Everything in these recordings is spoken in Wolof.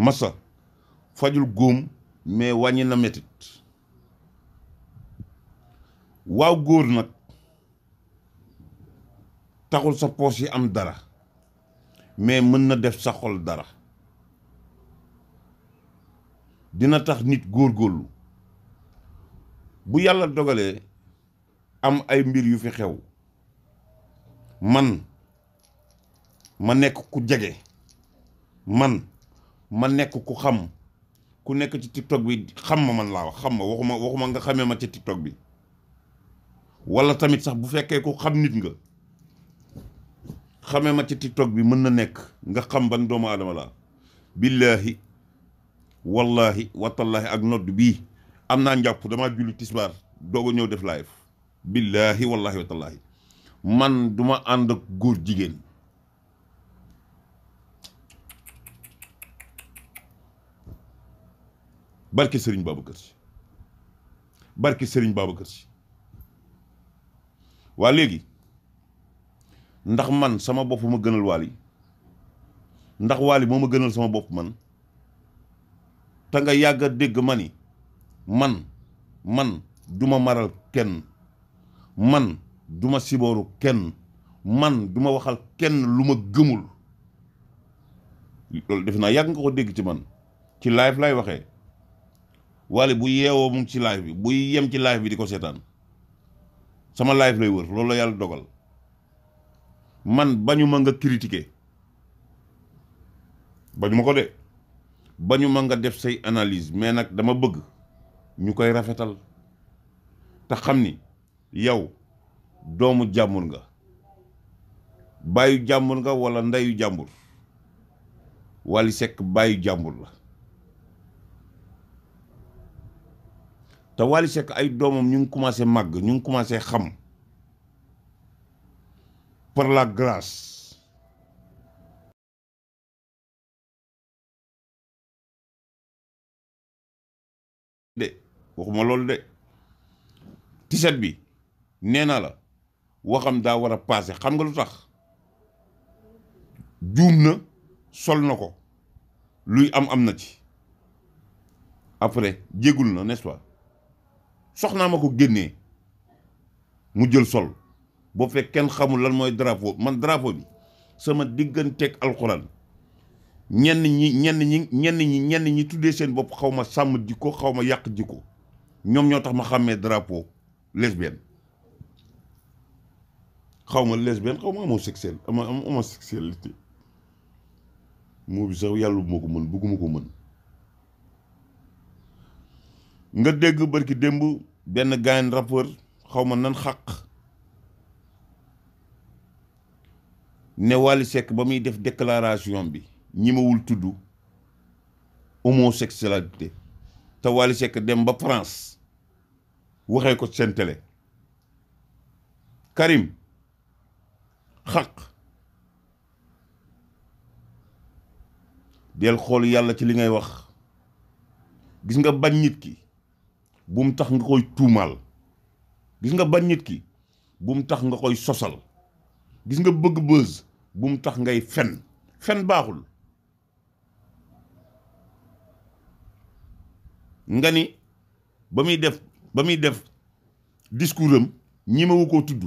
masa fajul góom mais wàññi na métit waaw góor nag taxul sa poos yi am dara mais mën na def sa xol dara dina tax nit góor góorgóorlu bu yàlla dogalee am ay mbir yu fi xew man ma nekk ku jege man ma nekk ku xam ku nekk ci tiktok bi xam ma man laa wax xam ma waxuma waxuma nga xamee ma ci tiktok bi wala tamit sax bu fekkee ku xam nit nga xamee ma ci tiktok bi mën na nekk nga xam ban doomu aadama laa billaahi wallaahi watallaahi ak nodd bii am naa njàpp damaa julli tisbaar doog ñëw def live billaahi man duma ànd ak góor jigéen barke Serigne Babacar Sy barke Serigne Babacar Sy waa léegi ndax man sama bopp ma gënal Wally ndax Wally moo ma gënal sama bopp man te nga yàgg a dégg ma ni man man duma maral kenn man duma sibooru kenn man duma waxal kenn lu ma gëmul loolu def naa yàgg nga ko dégg ci man ci live lay waxee wali bu yeewoo mu ci live bi bu yem ci live bi di setan tan sama live lay wër loolu yalla dogal man bañu ma nga critiquer bañu ma ko de bañu ma nga def say analyse mais nak dama bëgg ñukoy rafetal ta xamni yow doomu jamur nga bayu jamur nga wala ndayu jamur wali sek bayu jamur la te Wally ay doomam ñu ngi commencé màgg ñu ngi commencé xam par la grâce de waxuma loolu de tiset bi nee naa la waxam daa war a paase xam nga lu tax juum na sol na ko luy am am na ci après jégul na n'est-ce soxna mako ko mu jël sol bo fek ken xamul lan moy drapo man drapo bi sama ak alxuraan ñen ñi ñen ñi ñen ñi ñen ñi tuddé seen bop xawma ma diko xawma yaq ma ñom ñoo tax ma xamé drapo lesbienne xawma ma lesbienne xaw ma homosexuel ama homosexualité mo bi sax yalla moko mën bëgguma ko mën nga dégg barki démb benn gaañ rappeur xaw ma nan xaq ne Wally Seck ba muy def déclaration bi ñimawul tudd homosexualité te Wally Seck dem ba France waxee ko seen télé Karim xaq del xool yàlla ci li ngay wax gis nga bañ nit ki bum tax nga koy tumal gis nga bañ nit ki bum tax nga koy sosal gis nga bëgg buzz bum tax ngay fen fen baaxul nga ni ba muy def ba def discours ñima ñimewu koo tudd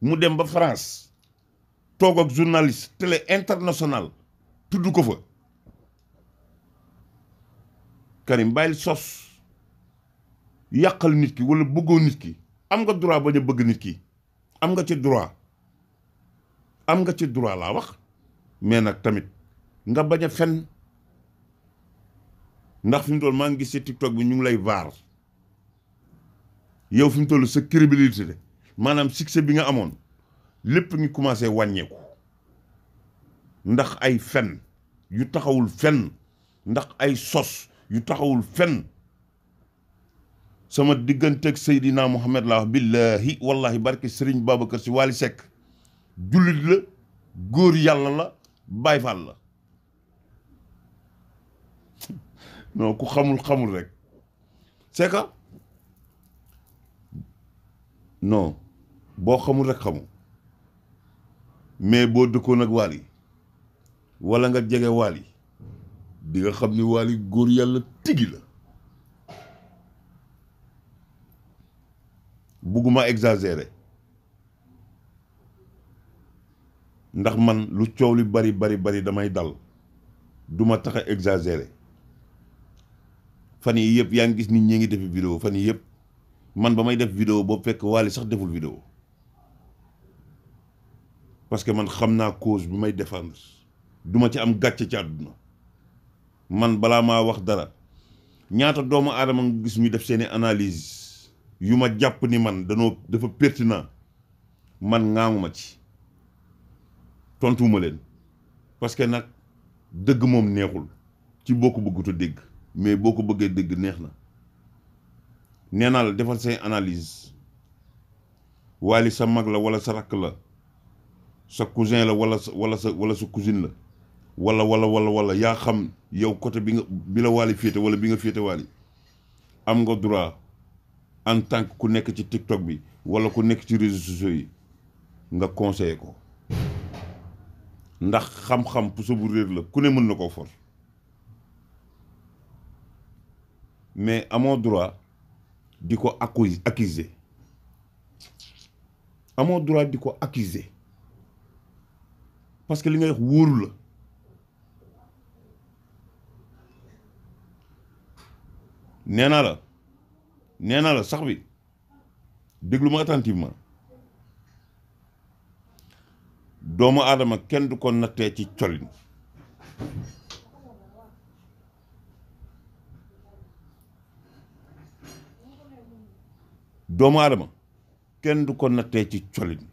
mu dem ba France toog ak journaliste télé international tudd ko fa Karim bayil sos yàqal nit ki wala bëggoo nit ki am nga droit bañ a bëgg nit ki am nga ci droit am nga ci droit laa wax mais nag tamit nga bañ a fen ndax fu mu toll maa ngi gis ci tiktok bi ñu ngi lay vaar yow fu mu toll sa crédibilité maanaam succès bi nga amoon lépp ngi commencé wàññeeku ndax ay fen yu taxawul fen ndax ay sos yu taxawul fen sama digganteeg Seydina Mouhamed laa wax billaahi wallaahi barke Serigne Babacar si Wally Seck jullit la góor yàlla la Baay Faal la non ku xamul xamul rek c'est que boo xamul rek xamul mais boo dëkkoon ak Wally wala nga jege Wally di xam ni Wally góor yàlla tigi la bugguma exagérer ndax man lu coow li bari bari bari damay dal duma tax a exagérer fan yi yëpp yaa ngi gis nit ñi ngi defi vidéo fan yi yëpp man ba may def video boobu fekk Wally sax deful vidéo parce que man xam naa cause bi may défendre duma ci am gàcce ci àdduna man balaa maa wax dara ñaata doomu aadama nga gis ñu def seeni analyse yu ma jàpp ni man danoo dafa pertinent man ngaamuma ci tontuwuma leen parce que nag dëgg moom neexul ci boo ko bëgguta dégg mais boo ko bëggee dégg neex na nee naa la defal say analyse waali sa mag la wala sa rakk la sa cousin la wala sa wala sa wala sa cousine la wala wala wala wala yaa xam yow côté bi nga bi la waali féete wala bi nga féete waali am nga droit en tant que ku nekk ci TikTok bi wala ku sur ci réseaux sociaux yi nga conseillé ko ndax xam-xam pour bu bourrer la ku ne mën nako koo for mais mon droit diko ko accu accuser mon droit diko accuser parce que li ngay wax wóoru la Néna la nee naa la sax bi déglu ma attentivement doomu aadama kenn du ko nattee ci colin doomu aadama kenn du ko nattee ci colin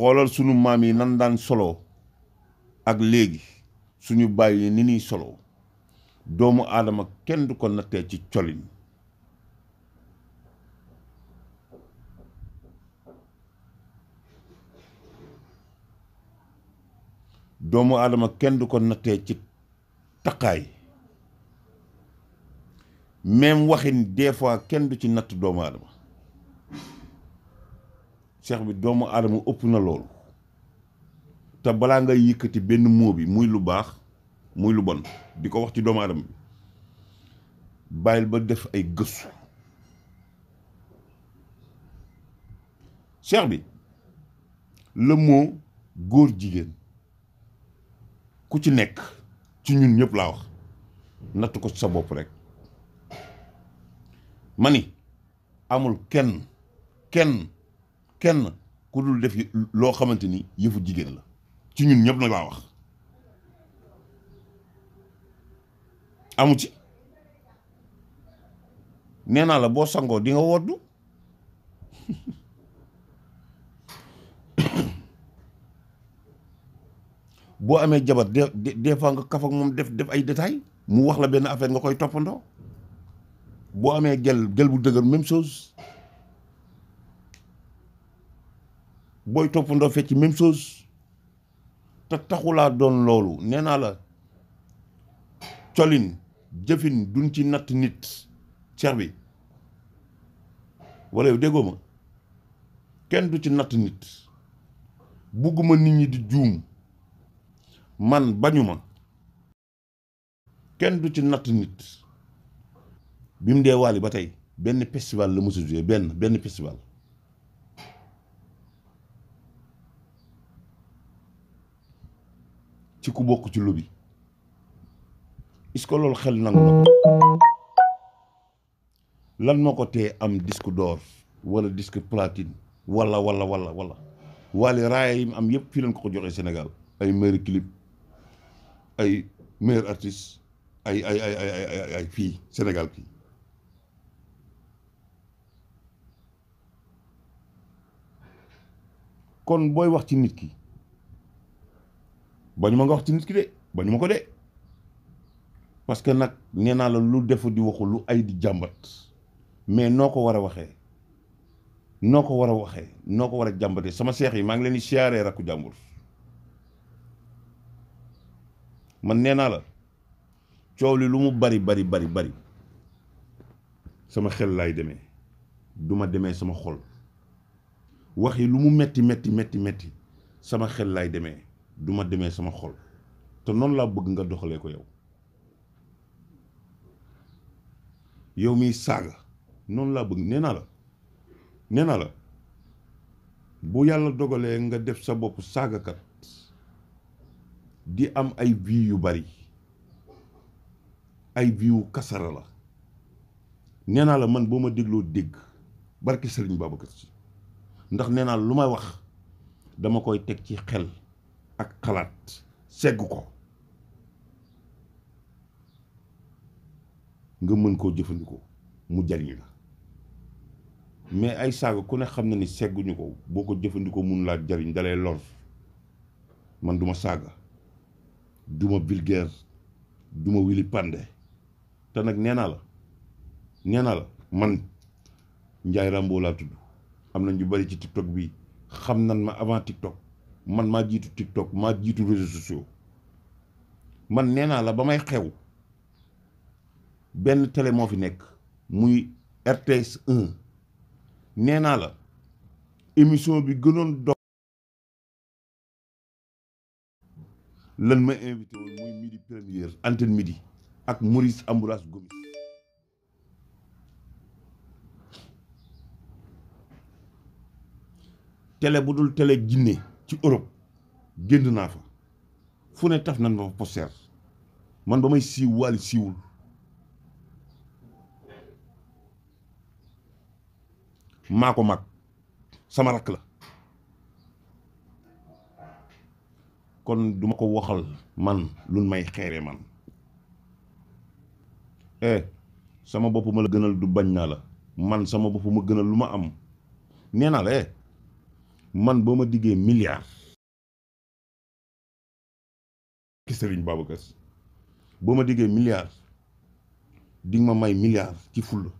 xoolal sunu maam yi nan daan solo ak léegi suñu bàyyi ni ñuy solo doomu aadama kenn du ko nattee ci doomu aadama kenn du ko nattee ci takkaay même waxin des fois kenn du ci natt doomu aadama cheikh bi doomu aadama ëpp na loolu te balaa ngay yëkkati benn moo bi muy lu baax muy lu bon di ko wax ci doomu aadama bi bàyyil ba def ay gëstu cheikh bi le mot góor jigéen ku ci nekk ci ñun ñëpp laa wax natt ko ci sa bopp rekk mani amul kenn kenn kenn ku dul def loo xamante ni yëfu jigéen la ci ñun ñëpp nag laa wax amu ci nee naa la boo sangoo di nga woddu boo amee jabar des des fois nga kaf moom def def ay détails mu wax la benn affaire nga koy toppandoo boo amee gel gel bu dëgër même chose booy toppandoo fecc même chose te taxulaa doon loolu nee naa la colin jëfin duñ ci natt nit cer bi wala yow déggoo ma kenn du ci natt nit bugguma nit ñi di juum man bañuma kenn du ci natt nit bi mu dee waali ba tey benn festival la mos a benn benn festival ci ku bokk ci lu bi ce que loolu xel nangu na ko lan moo ko tee am disque d'or wala disque platine wala wala walla wala walla raaya yi mu am yëpp fii lañ ko ko joxee Sénégal ay meilleur clip ay meilleur artiste ay ay ay ay ay ay fii Sénégal fii kon booy wax ci nit ki bañu ma nga wax ci nit ki de bañu ma ko de parce que nak nee la lu defu di waxu lu ay di jambat mais noko wara war noko wara noko wara jambaté sama cheikh yi ma ngi leen di rakku jambour man nee la ciowli lu mu bari bari bari bari sama xel lay démé duma démé sama xol waxi lu mu metti metti metti metti sama xel lay démé duma demee sama xol te noonu laa bëgg nga doxalee ko yow yow miy saaga noonu laa bëgg nee naa la nee naa la bu yàlla dogalee nga def sa bopp saagakat di am ay vie yu bari ay vie yu kasara la nee naa la man boo ma dégloo dégg barki Sëriñ Babacar Si ndax nee naa lu may wax dama koy teg ci xel ak xalaat segg ko nga mën koo jëfandikoo mu jariñ la mais ay saaga ku ne xam na ni segguñu ko boo ko jëfandikoo mun laa jariñ dalay lor man duma saaga duma vulgaire duma wili pande te nag nee la nee la man Ndiaye Rambo laa tudd am na ñu bari ci TikTok bi xam nan ma avant TikTok man maa jiitu TikTok maa jiitu réseaux sociaux man nee naa la ba may xew benn télé moo fi nekk muy RTS 1 nee naa la émission bi gënoon dox lan ma invité woon muy midi première antenne midi ak Maurice Ambroise Gomis télé bu dul télé jinne ci Europe génn naa fa fu ne taf nan ma fa poster man ba may siiw Wally siiwul maa ko mag sama rakk la kon duma ko waxal man lu may xeere man eh sama bopp ma la gënal du bañ naa la man sama bopp ma gënal lu ma am nee naa la eh man boo ma diggee milliard ki Serigne Babacar boo ma diggee milliard di ma may milliard ci fulla